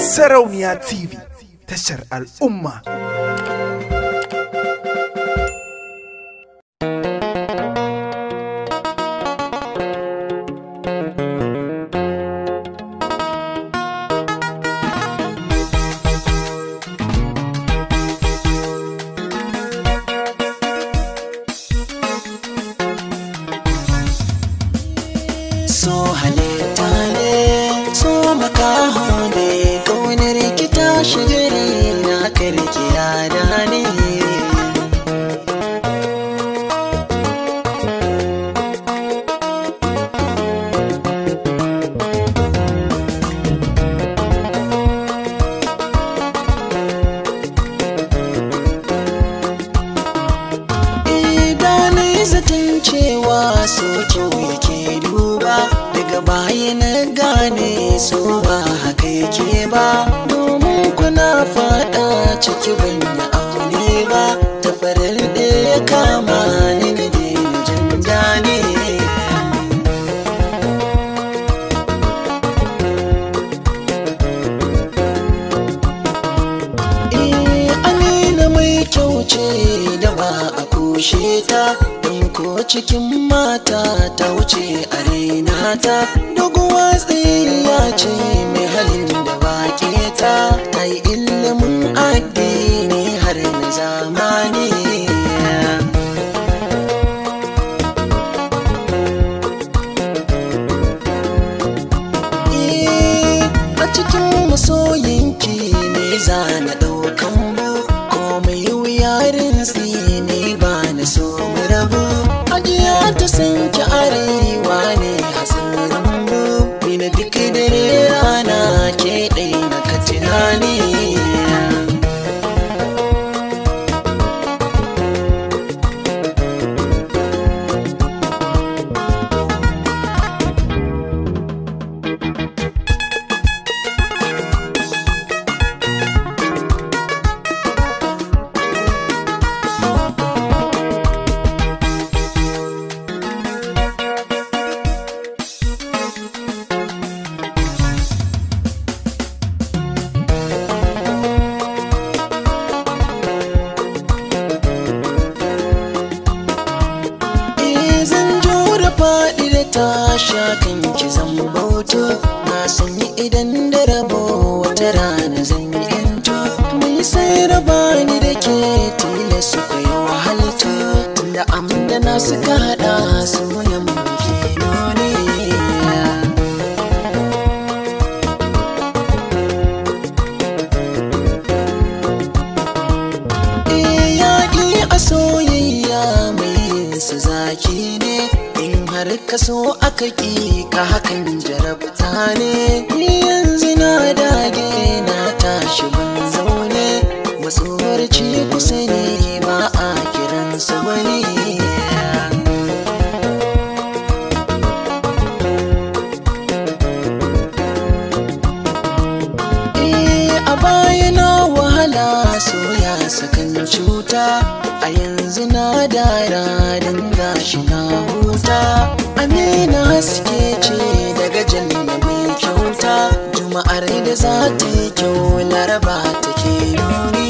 سرونيا تي تشر الأمة سو هلي makaho ne kaunar rikita shigari na karki yana ne zaton cewa so kyau yake duba daga baya na gane so ba haka yake ba domin kuna fada ciki ban yi aure ba ta farar da ya kama ni na jin gane eh, Amina mai kyau ce da ba a kushe ta ko cikin mata ta wuce arena ta duk watsi ya ce mai halin da ba ta ta yi ilimin addini ta shatin ki zan bauto na sanyi idan da rabo wata rana zan yi yanto mai sai raba ni da ke su ka yi wahalta tunda amdana suka hada soyan eh, soyayya mai yin su zaki har ka so aka ki ka hakan jarabta ne yanzu na dage na tashi ban zaune matsuwar ci kusa ne ba a kiran su wani eh, a baya na wahala soyayya sakan cuta a yanzu na dara don gashi na huta amina haske ce daga janna mai kyauta juma'ar da za ta yi kyau laraba take nuni